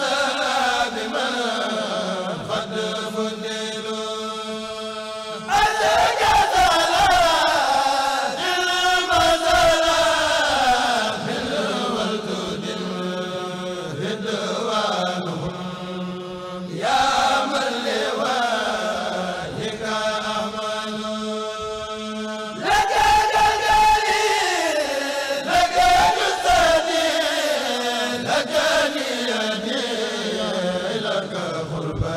la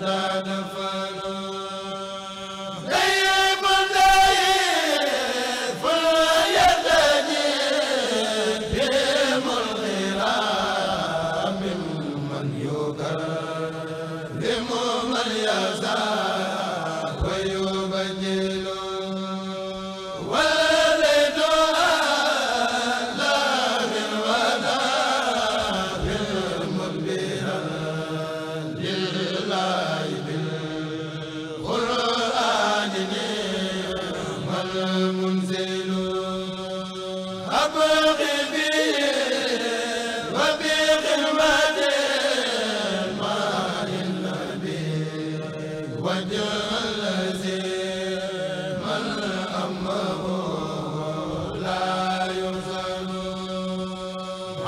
da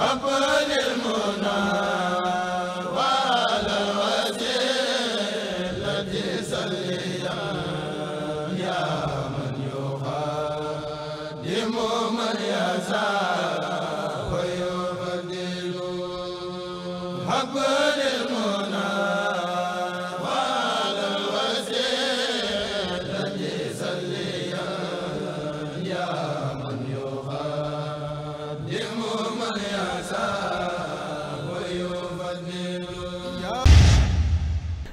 Akbar